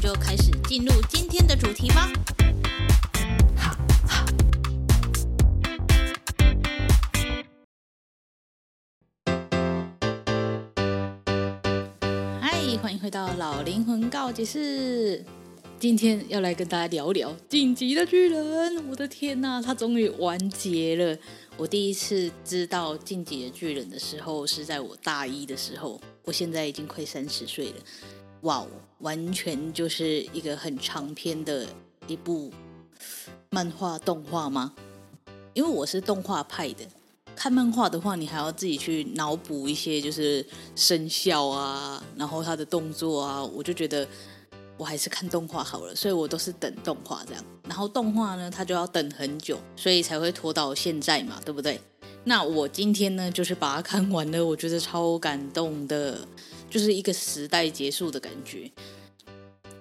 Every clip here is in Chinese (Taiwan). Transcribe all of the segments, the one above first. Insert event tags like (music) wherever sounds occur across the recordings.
就開始進入今天的主題吧。嗨，Hi，歡迎回到老靈魂告解室。今天要來跟大家聊聊《進擊的巨人》。我的天吶、啊，它終於完結了！我第一次知道《進擊的巨人》的時候是在我大一的時候，我現在已經快三十歲了。哇、wow 完全就是一個很長篇的一部漫畫動畫嗎？因為我是動畫派的，看漫畫的話，你還要自己去腦補一些，就是聲效啊，然後他的動作啊，我就覺得我還是看動畫好了，所以我都是等動畫這樣。然後動畫呢，它就要等很久，所以才會拖到現在嘛，對不對？那我今天呢，就是把它看完了，我覺得超感動的。就是一個時代結束的感覺，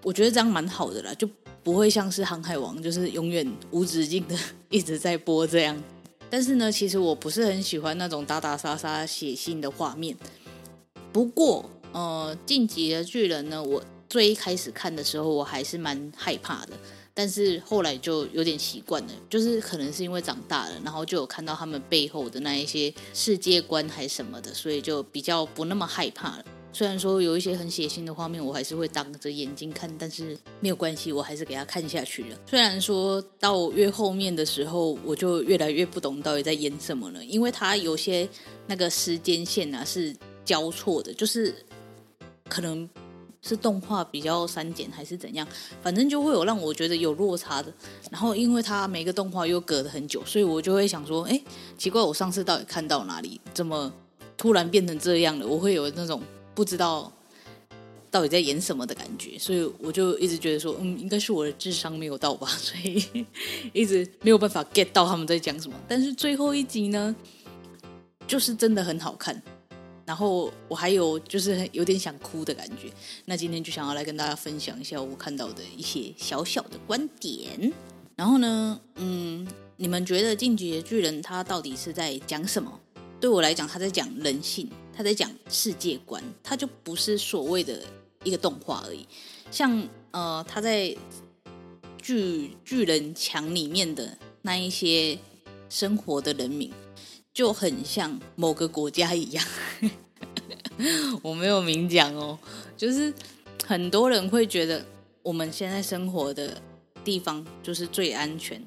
我覺得這樣蠻好的啦，就不會像是《航海王》就是永遠無止境的一直在播這樣。但是呢，其實我不是很喜歡那種打打殺殺、血腥的畫面。不過，呃，《進擊的巨人》呢，我最一開始看的時候，我還是蠻害怕的，但是後來就有點習慣了，就是可能是因為長大了，然後就有看到他們背後的那一些世界觀還什麼的，所以就比較不那麼害怕了。雖然說有一些很血腥的畫面，我還是會擋着眼睛看，但是沒有關係，我還是給他看下去了。雖然說到越後面的時候，我就越來越不懂到底在演什麼了，因為它有些那個時間線啊是交錯的，就是可能是動畫比較刪減還是怎樣，反正就會有讓我覺得有落差的。然後因為它每個動畫又隔了很久，所以我就會想說，哎，奇怪，我上次到底看到哪裡？怎麼突然變成這樣了？我會有那種。不知道到底在演什麼的感覺，所以我就一直覺得說，嗯，應該是我的智商沒有到吧，所以 (laughs) 一直沒有辦法 get 到他們在講什麼。但是最後一集呢，就是真的很好看，然後我還有就是有點想哭的感覺。那今天就想要來跟大家分享一下我看到的一些小小的觀點。然後呢，嗯，你們覺得《進擊的巨人》他到底是在講什麼？對我來講，他在講人性。他在講世界觀，他就不是所謂的一個動畫而已。像呃，他在巨巨人牆裡面的那一些生活的人民，就很像某個國家一樣。 (laughs) 我沒有明講哦，就是很多人會覺得我們現在生活的地方就是最安全，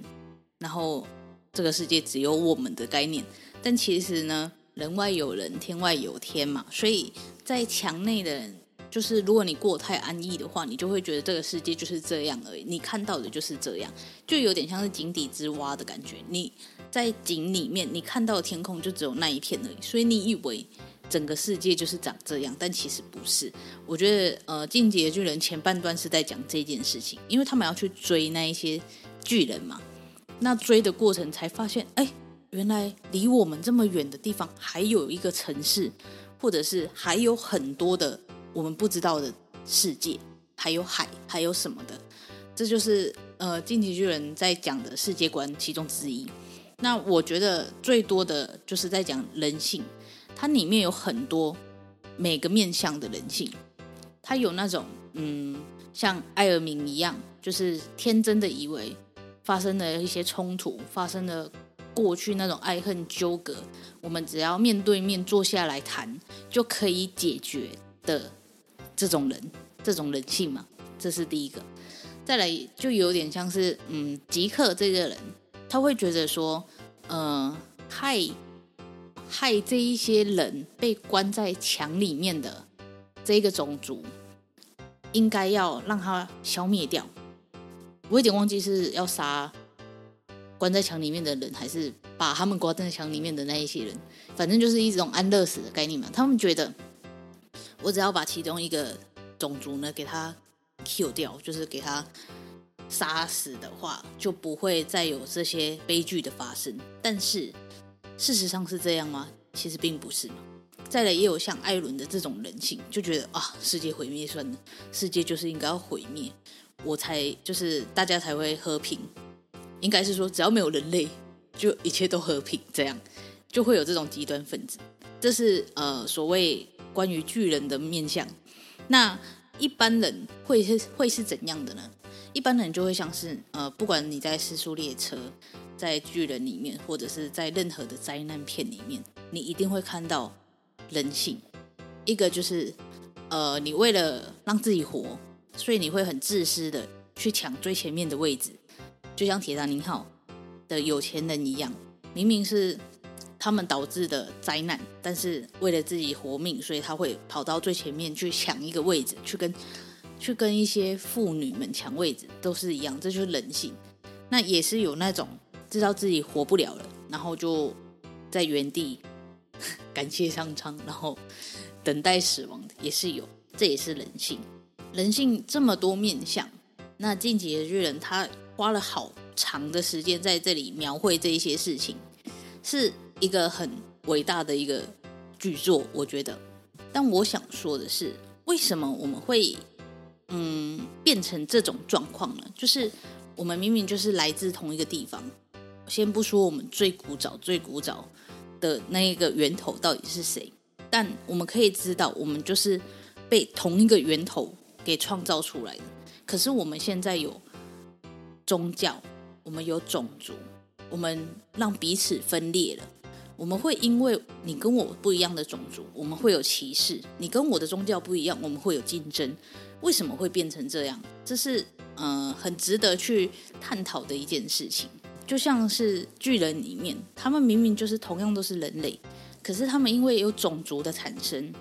然後這個世界只有我們的概念。但其實呢，人外有人，天外有天嘛，所以在牆內的人，就是如果你過太安逸的話，你就會覺得這個世界就是這樣而已，你看到的就是這樣，就有點像是井底之蛙的感覺。你在井裡面，你看到的天空就只有那一片而已，所以你以為整個世界就是長這樣，但其實不是。我覺得，呃，進擊的巨人前半段是在講這件事情，因為他們要去追那一些巨人嘛，那追的過程才發現，哎、欸。原來離我們這麼遠的地方，還有一個城市，或者是還有很多的我們不知道的世界，還有海，還有什麼的。這就是呃，進擊巨人在講的世界觀其中之一。那我覺得最多的就是在講人性，它裡面有很多每個面向的人性，它有那種嗯，像艾爾明一樣，就是天真的以為發生了一些衝突，發生了。過去那種愛恨糾葛，我們只要面對面坐下來談就可以解決的這種人，這種人性嘛，這是第一個。再來就有點像是，嗯，吉克這個人，他會覺得說，呃，害害這一些人被關在牆裡面的這一個種族，應該要讓他消滅掉。我有點忘記是要殺。關在牆裡面的人，還是把他們關在牆裡面的那一些人，反正就是一種安樂死的概念嘛。他們覺得，我只要把其中一個種族呢給他 kill 掉，就是給他殺死的話，就不會再有這些悲劇的發生。但是事實上是這樣嗎？其實並不是嘛。再來也有像艾倫的這種人性，就覺得啊，世界毀滅算了，世界就是應該要毀滅，我才就是大家才會和平。應該是說，只要沒有人類，就一切都和平，這樣就會有這種極端分子。這是呃，所謂關於巨人的面相。那一般人會是會是怎樣的呢？一般人就會像是呃，不管你在屍速列車、在巨人裡面，或者是在任何的災難片裡面，你一定會看到人性。一個就是呃，你為了讓自己活，所以你會很自私的去搶最前面的位置。就像鐵達尼號的有錢人一樣，明明是他們導致的災難，但是為了自己活命，所以他會跑到最前面去搶一個位置，去跟去跟一些婦女們搶位置都是一樣，這就是人性。那也是有那種知道自己活不了了，然後就在原地感謝上蒼，然後等待死亡的也是有，這也是人性。人性這麼多面相，那進擊的巨人他。花了好長的時間在這裡描繪這一些事情，是一個很偉大的一個巨作，我覺得。但我想說的是，為什麼我們會嗯變成這種狀況呢？就是我們明明就是來自同一個地方，先不說我們最古早、最古早的那一個源頭到底是誰，但我們可以知道，我們就是被同一個源頭給創造出來的。可是我們現在有。宗教，我們有種族，我們讓彼此分裂了。我們會因為你跟我不一樣的種族，我們會有歧視；你跟我的宗教不一樣，我們會有競爭。為什麼會變成這樣？這是嗯、呃，很值得去探討的一件事情。就像是巨人裡面，他們明明就是同樣都是人類，可是他們因為有種族的產生，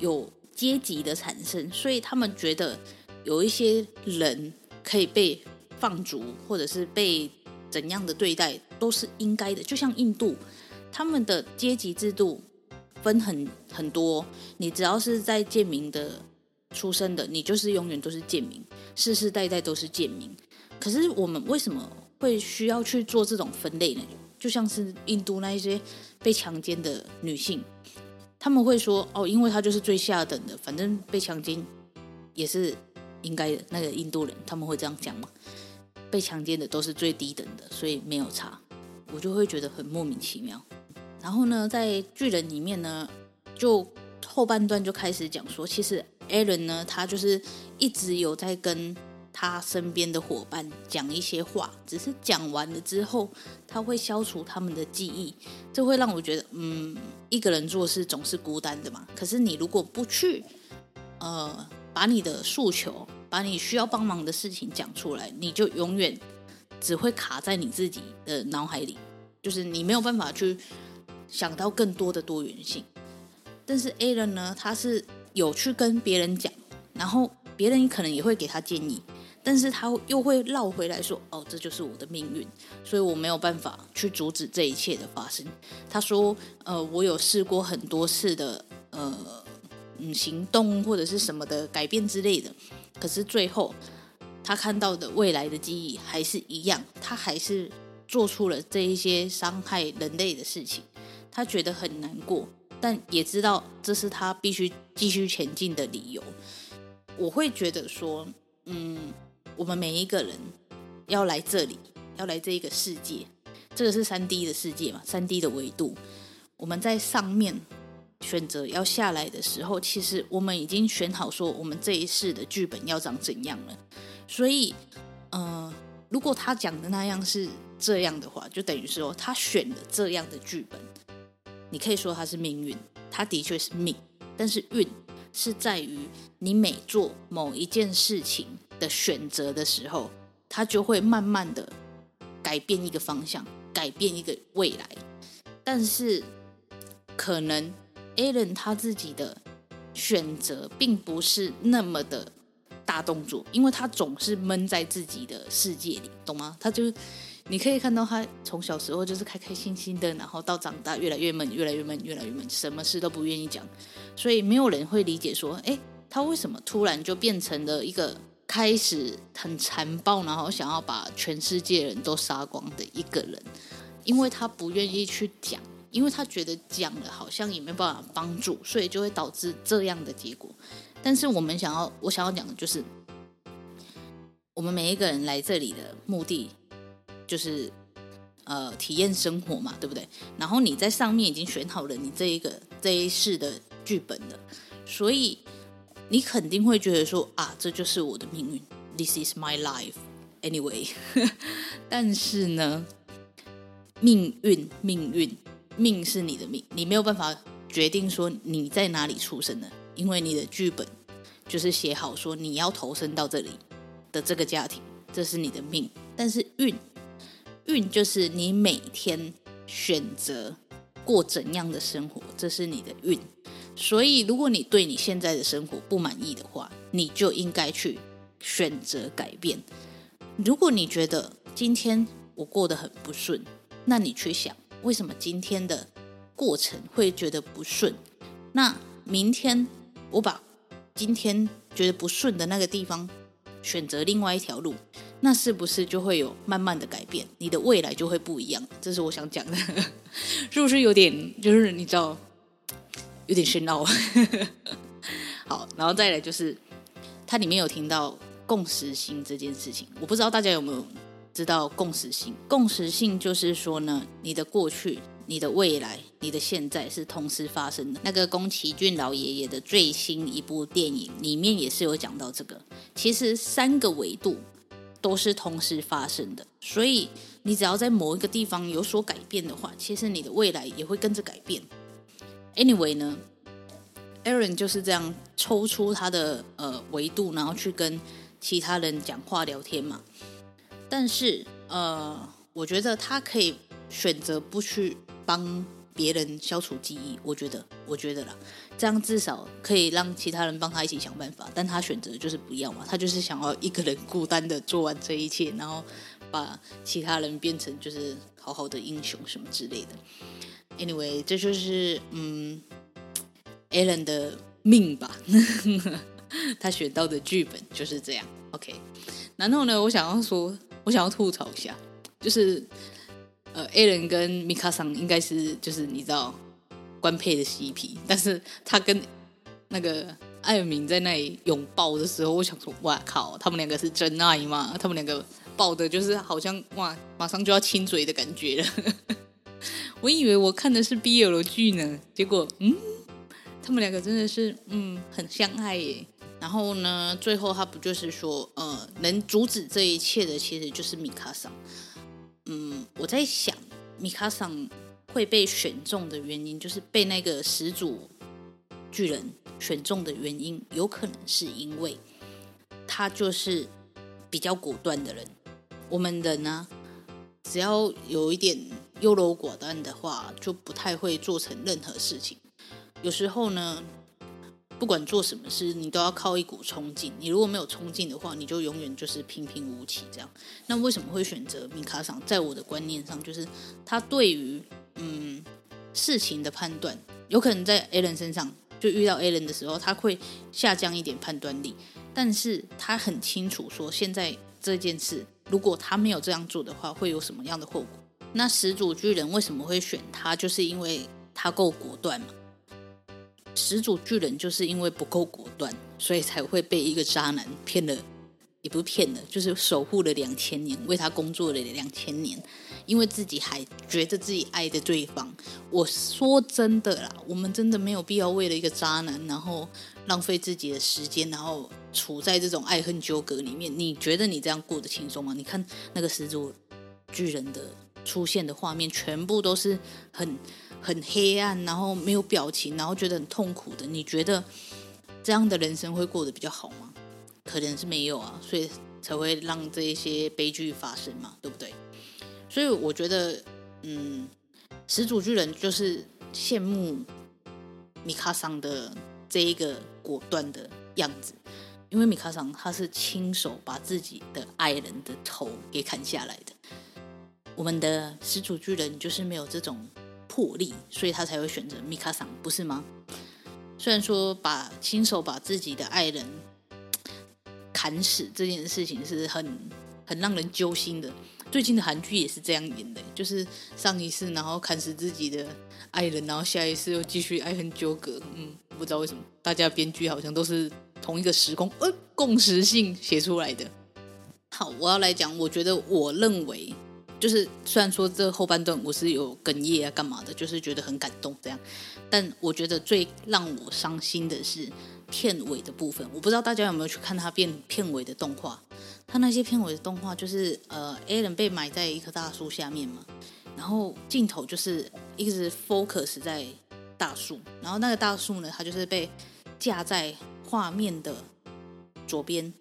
有階級的產生，所以他們覺得有一些人可以被。放逐或者是被怎樣的對待都是應該的。就像印度，他們的階級制度分很很多，你只要是在賤民的出生的，你就是永遠都是賤民，世世代代都是賤民。可是我們為什麼會需要去做這種分類呢？就像是印度那一些被強姦的女性，他們會說：“哦，因為她就是最下等的，反正被強姦也是應該的。”那個印度人他們會這樣講嗎？被強姦的都是最低等的，所以沒有差，我就會覺得很莫名其妙。然後呢，在巨人裡面呢，就後半段就開始講說，其實艾倫呢，他就是一直有在跟他身邊的夥伴講一些話，只是講完了之後，他會消除他們的記憶，這會讓我覺得，嗯，一個人做事總是孤單的嘛。可是你如果不去，呃，把你的訴求，把你需要幫忙的事情講出來，你就永遠只會卡在你自己的腦海裡，就是你沒有辦法去想到更多的多元性。但是艾倫呢，他是有去跟別人講，然後別人可能也會給他建議，但是他又會繞回來說：“哦，這就是我的命運，所以我沒有辦法去阻止這一切的發生。”他說：“呃，我有試過很多次的呃，嗯，行動或者是什麼的改變之類的。”可是最後，他看到的未來的記憶還是一樣，他還是做出了這一些傷害人類的事情，他覺得很難過，但也知道這是他必須繼續前進的理由。我會覺得說，嗯，我們每一個人要來這裡，要來這一個世界，這個是 3D 的世界嘛，3D 的維度，我們在上面。選擇要下來的時候，其實我們已經選好說，我們這一世的劇本要長怎樣了。所以，嗯、呃，如果他講的那樣是這樣的話，就等於是說、哦、他選了這樣的劇本。你可以說他是命運，他的確是命，但是運是在於你每做某一件事情的選擇的時候，他就會慢慢的改變一個方向，改變一個未來。但是可能。艾倫他自己的選擇並不是那麼的大動作，因為他總是悶在自己的世界裡，懂嗎？他就是你可以看到他從小時候就是開開心心的，然後到長大越來越悶，越來越悶，越來越悶，什麼事都不願意講，所以沒有人會理解說，哎、欸，他為什麼突然就變成了一個開始很殘暴，然後想要把全世界人都殺光的一個人？因為他不願意去講。因為他覺得講了好像也沒辦法幫助，所以就會導致這樣的結果。但是我們想要，我想要講的就是，我們每一個人來這裡的目的就是呃體驗生活嘛，對不對？然後你在上面已經選好了你這一個這一世的劇本了，所以你肯定會覺得說啊，這就是我的命運，This is my life. Anyway。 (laughs) 但是呢，命運，命運。命是你的命，你沒有辦法決定說你在哪裡出生的，因為你的劇本就是寫好說你要投身到這裡的這個家庭，這是你的命。但是運，運就是你每天選擇過怎樣的生活，這是你的運。所以，如果你對你現在的生活不滿意的話，你就應該去選擇改變。如果你覺得今天我過得很不順，那你去想。為什麼今天的過程會覺得不順？那明天我把今天覺得不順的那個地方選擇另外一條路，那是不是就會有慢慢的改變？你的未來就會不一樣。這是我想講的， (laughs) 是不是有點就是你知道有點喧鬧？ (laughs) 好，然後再來就是它裡面有聽到共識性這件事情，我不知道大家有沒有。知道共時性，共時性就是說呢，你的過去、你的未來、你的現在是同時發生的。那個宮崎駿老爺爺的最新一部電影裡面也是有講到這個。其實三個維度都是同時發生的，所以你只要在某一個地方有所改變的話，其實你的未來也會跟着改變。Anyway 呢，艾倫就是這樣抽出他的呃維度，然後去跟其他人講話聊天嘛。但是，呃，我覺得他可以選擇不去幫別人消除記憶。我覺得，我覺得啦，這樣至少可以讓其他人幫他一起想辦法。但他選擇就是不要嘛，他就是想要一個人孤單的做完這一切，然後把其他人變成就是好好的英雄什麼之類的。Anyway，這就是嗯，艾倫的命吧。 (laughs) 他選到的劇本就是這樣。OK，然後呢，我想要說。我想要吐槽一下，就是呃，艾倫跟米卡桑應該是就是你知道官配的 CP，但是他跟那個艾爾敏在那裡擁抱的時候，我想說，哇靠，他們兩個是真愛嗎？他們兩個抱的，就是好像哇，馬上就要親嘴的感覺了。 (laughs) 我以為我看的是 BL 劇呢，結果嗯，他們兩個真的是嗯，很相愛耶。然後呢，最後他不就是說，呃，能阻止這一切的其實就是米卡桑。嗯，我在想，米卡桑會被選中的原因，就是被那個始祖巨人選中的原因，有可能是因為他就是比較果斷的人。我們的人呢、啊，只要有一點優柔寡斷的話，就不太會做成任何事情。有時候呢。不管做什麼事，你都要靠一股衝勁。你如果沒有衝勁的話，你就永遠就是平平無奇這樣。那為什麼會選擇米卡莎？在我的觀念上，就是他對於嗯事情的判斷，有可能在艾倫身上就遇到艾倫的時候，他會下降一點判斷力。但是他很清楚說，現在這件事如果他沒有這樣做的話，會有什麼樣的後果，那始祖巨人為什麼會選他？就是因為他夠果斷嘛。始祖巨人就是因為不夠果斷，所以才會被一個渣男騙了，也不是騙了，就是守護了兩千年，為他工作了兩千年，因為自己還覺得自己愛着對方。我說真的啦，我們真的沒有必要為了一個渣男，然後浪費自己的時間，然後處在這種愛恨糾葛裡面。你覺得你這樣過得輕鬆嗎？你看那個始祖巨人的出現的畫面，全部都是很很黑暗，然後沒有表情，然後覺得很痛苦的，你覺得這樣的人生會過得比較好嗎？可能是沒有啊，所以才會讓這些悲劇發生嘛，對不對？所以我覺得，嗯，始祖巨人就是羨慕米卡桑的這一個果斷的樣子，因為米卡桑他是親手把自己的愛人的頭給砍下來的，我們的始祖巨人就是沒有這種。魄力，所以他才會選擇米卡桑，不是嗎？雖然說把親手把自己的愛人砍死這件事情是很很讓人揪心的，最近的韓劇也是這樣演的、欸，就是上一世然後砍死自己的愛人，然後下一世又繼續愛恨糾葛。嗯，不知道為什麼大家編劇好像都是同一個時空，呃、欸，共識性寫出來的。好，我要來講，我覺得我認為。就是雖然說這後半段我是有哽咽啊幹嘛的，就是覺得很感動這樣，但我覺得最讓我傷心的是片尾的部分。我不知道大家有沒有去看它變片尾的動畫，它那些片尾的動畫就是呃艾倫被埋在一棵大樹下面嘛，然後鏡頭就是一直 focus 在大樹，然後那個大樹呢，它就是被架在畫面的左邊，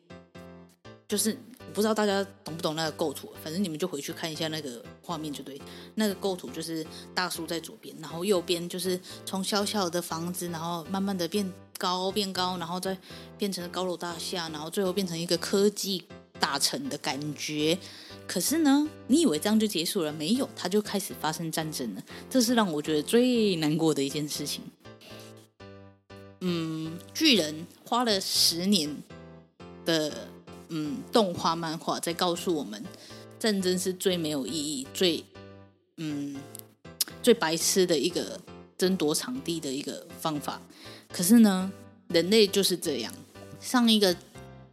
就是。不知道大家懂不懂那個構圖，反正你們就回去看一下那個畫面就對。那個構圖就是大樹在左邊，然後右邊就是從小小的房子，然後慢慢的變高變高，然後再變成高樓大廈，然後最後變成一個科技大城的感覺。可是呢，你以為這樣就結束了？沒有，他就開始發生戰爭了。這是讓我覺得最難過的一件事情。嗯，巨人花了十年的。嗯，動畫、漫畫在告訴我們，戰爭是最沒有意義、最嗯最白痴的一個爭奪場地的一個方法。可是呢，人類就是這樣。上一個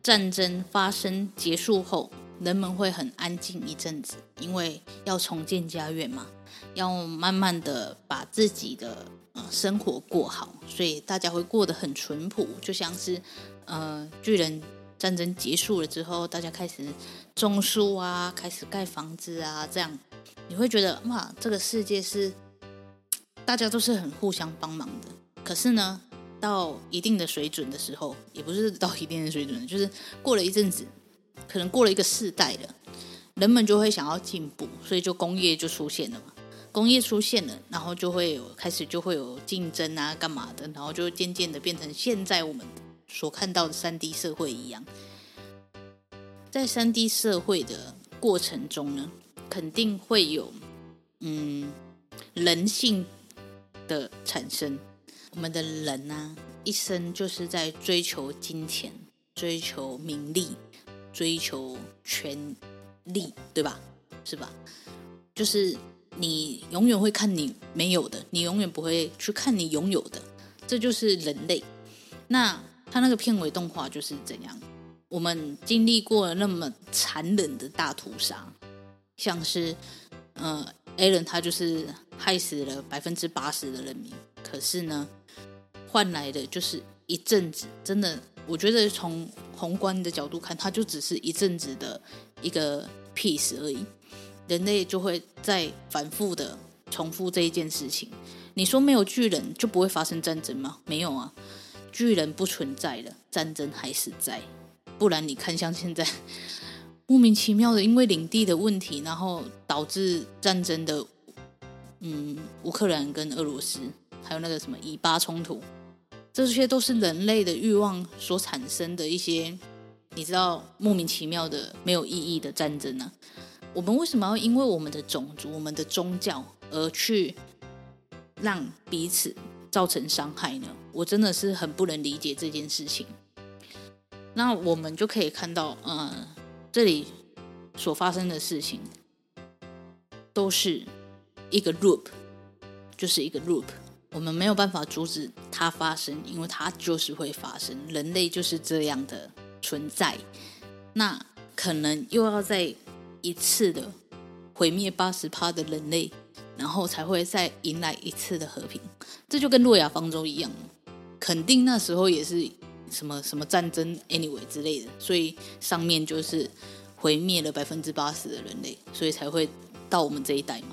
戰爭發生結束後，人們會很安靜一陣子，因為要重建家園嘛，要慢慢的把自己的呃生活過好，所以大家會過得很淳樸，就像是呃巨人。戰爭結束了之後，大家開始種樹啊，開始蓋房子啊，這樣你會覺得，哇，這個世界是大家都是很互相幫忙的。可是呢，到一定的水準的時候，也不是到一定的水準，就是過了一陣子，可能過了一個世代了，人們就會想要進步，所以就工業就出現了嘛。工業出現了，然後就會有，開始就會有競爭啊，幹嘛的，然後就漸漸的變成現在我們。所看到的三 D 社會一樣，在三 D 社會的過程中呢，肯定會有，嗯，人性的產生。我們的人呢、啊，一生就是在追求金錢、追求名利、追求權力，對吧？是吧？就是你永遠會看你沒有的，你永遠不會去看你擁有的，這就是人類。那他那個片尾動畫就是怎樣？我們經歷過了那麼殘忍的大屠殺，像是，呃，艾倫他就是害死了百分之八十的人民，可是呢，換來的就是一陣子。真的，我覺得從宏觀的角度看，他就只是一陣子的一個 peace 而已。人類就會在反覆的重複這一件事情。你說沒有巨人就不會發生戰爭嗎？沒有啊。巨人不存在了，戰爭還是在。不然你看，像現在莫名其妙的，因為領地的問題，然後導致戰爭的，嗯，烏克蘭跟俄羅斯，還有那個什麼以巴衝突，這些都是人類的慾望所產生的一些，你知道莫名其妙的沒有意義的戰爭呢、啊？我們為什麼要因為我們的種族、我們的宗教而去讓彼此造成傷害呢？我真的是很不能理解這件事情。那我們就可以看到，嗯、呃，這裡所發生的事情都是一個 loop，就是一個 loop。我們沒有辦法阻止它發生，因為它就是會發生。人類就是這樣的存在。那可能又要再一次的毀滅八十趴的人類，然後才會再迎來一次的和平。這就跟諾亞方舟一樣。肯定那時候也是什麼什麼戰爭，anyway 之類的，所以上面就是毀滅了百分之八十的人類，所以才會到我們這一代嘛。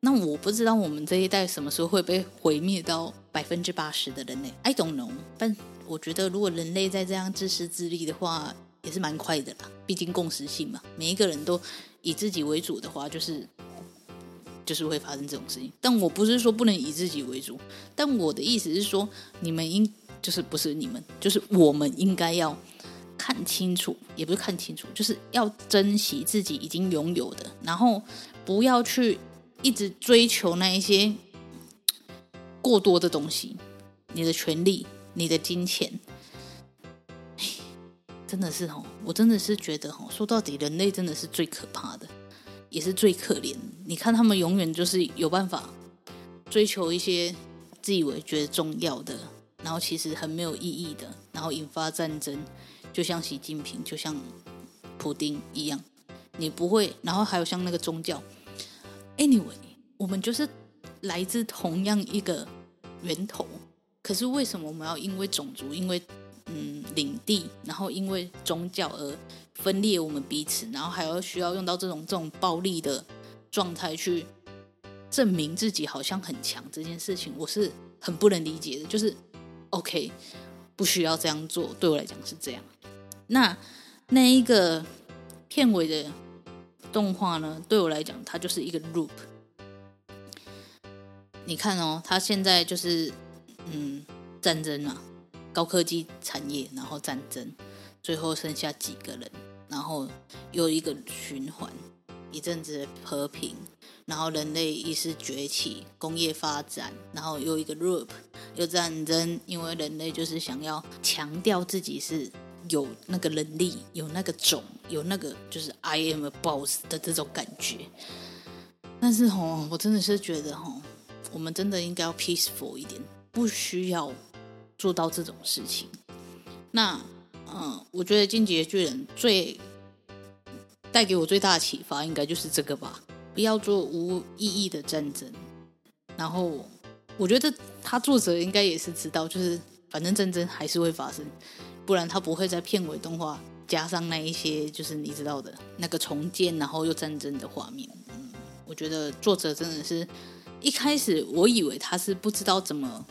那我不知道我們這一代什麼時候會被毀滅到百分之八十的人類，I don't know。但我覺得如果人類在這樣自私自利的話，也是蠻快的啦。畢竟共識性嘛，每一個人都以自己為主的話，就是。就是會發生這種事情，但我不是說不能以自己為主，但我的意思是說，你們應就是不是你們，就是我們應該要看清楚，也不是看清楚，就是要珍惜自己已經擁有的，然後不要去一直追求那一些過多的東西，你的權利，你的金錢，真的是哦，我真的是覺得哦，說到底，人類真的是最可怕的。也是最可憐。你看他們永遠就是有辦法追求一些自以為覺得重要的，然後其實很沒有意義的，然後引發戰爭，就像習近平，就像普丁一樣。你不會，然後還有像那個宗教。Anyway，我們就是來自同樣一個源頭，可是為什麼我們要因為種族，因為嗯領地，然後因為宗教而分裂我們彼此，然後還要需要用到這種這種暴力的狀態去證明自己好像很強這件事情，我是很不能理解的。就是 OK，不需要這樣做，對我來講是這樣。那那一個片尾的動畫呢？對我來講，它就是一個 loop。你看哦，它現在就是嗯，戰爭啊，高科技產業，然後戰爭，最後剩下幾個人。然後又一個循環，一陣子的和平，然後人類意識崛起，工業發展，然後又一個 loop 又戰爭，因為人類就是想要強調自己是有那個能力、有那個種、有那個就是 I am a boss 的這種感覺。但是哦，我真的是覺得哦，我們真的應該要 peaceful 一點，不需要做到這種事情。那。嗯，我覺得《進擊的巨人》最帶給我最大的啟發，應該就是這個吧，不要做無意義的戰爭。然後，我覺得他作者應該也是知道，就是反正戰爭還是會發生，不然他不會在片尾動畫加上那一些，就是你知道的那個重建，然後又戰爭的畫面。嗯，我覺得作者真的是一開始我以為他是不知道怎麼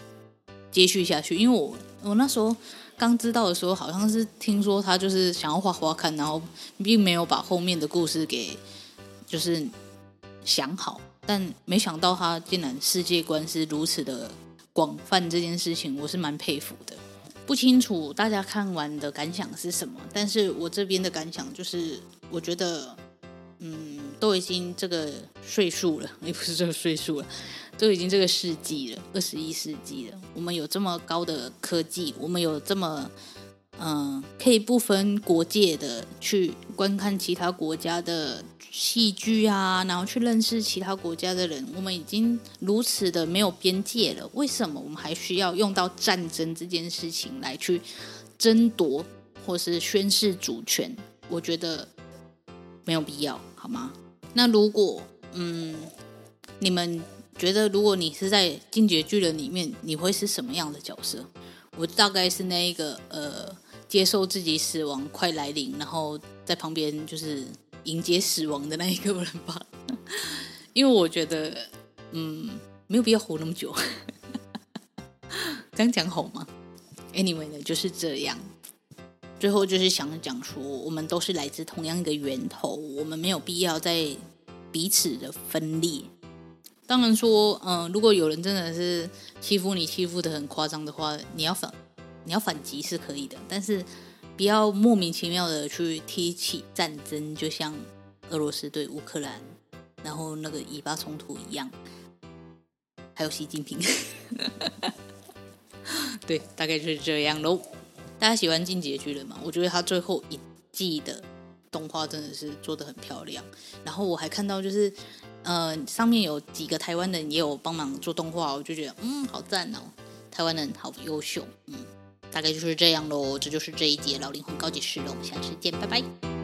接續下去，因為我我那時候。剛知道的時候，好像是聽說他就是想要畫畫看，然後並沒有把後面的故事給就是想好。但沒想到他竟然世界觀是如此的廣泛，這件事情我是蠻佩服的。不清楚大家看完的感想是什麼，但是我這邊的感想就是，我覺得，嗯，都已經這個歲數了，也不是這個歲數了。都已經這個世紀了，二十一世紀了。我們有這麼高的科技，我們有這麼嗯、呃，可以不分國界的去觀看其他國家的戲劇啊，然後去認識其他國家的人。我們已經如此的沒有邊界了，為什麼我們還需要用到戰爭這件事情來去爭奪或是宣示主權？我覺得沒有必要，好嗎？那如果嗯，你們。覺得如果你是在《進擊的巨人》裡面，你會是什麼樣的角色？我大概是那一個呃，接受自己死亡快來臨，然後在旁邊就是迎接死亡的那一個人吧。因為我覺得，嗯，沒有必要活那麼久。這樣講好嗎？Anyway 呢，就是這樣。最後就是想講說，我們都是來自同樣一個源頭，我們沒有必要在彼此的分裂。當然說，嗯、呃，如果有人真的是欺負你，欺負得很誇張的話，你要反，你要反擊是可以的，但是不要莫名其妙的去提起戰爭，就像俄羅斯對烏克蘭，然後那個以巴衝突一樣。還有習近平， (laughs) 對，大概就是這樣嘍。大家喜歡《進擊的巨人》嗎？我覺得他最後一季的動畫真的是做得很漂亮。然後我還看到就是。呃，上面有幾個台灣人也有幫忙做動畫哦，我就覺得，嗯，好讚哦，台灣人好優秀，嗯，大概就是這樣嘍，這就是這一集的老靈魂告解室了，我們下次見，拜拜。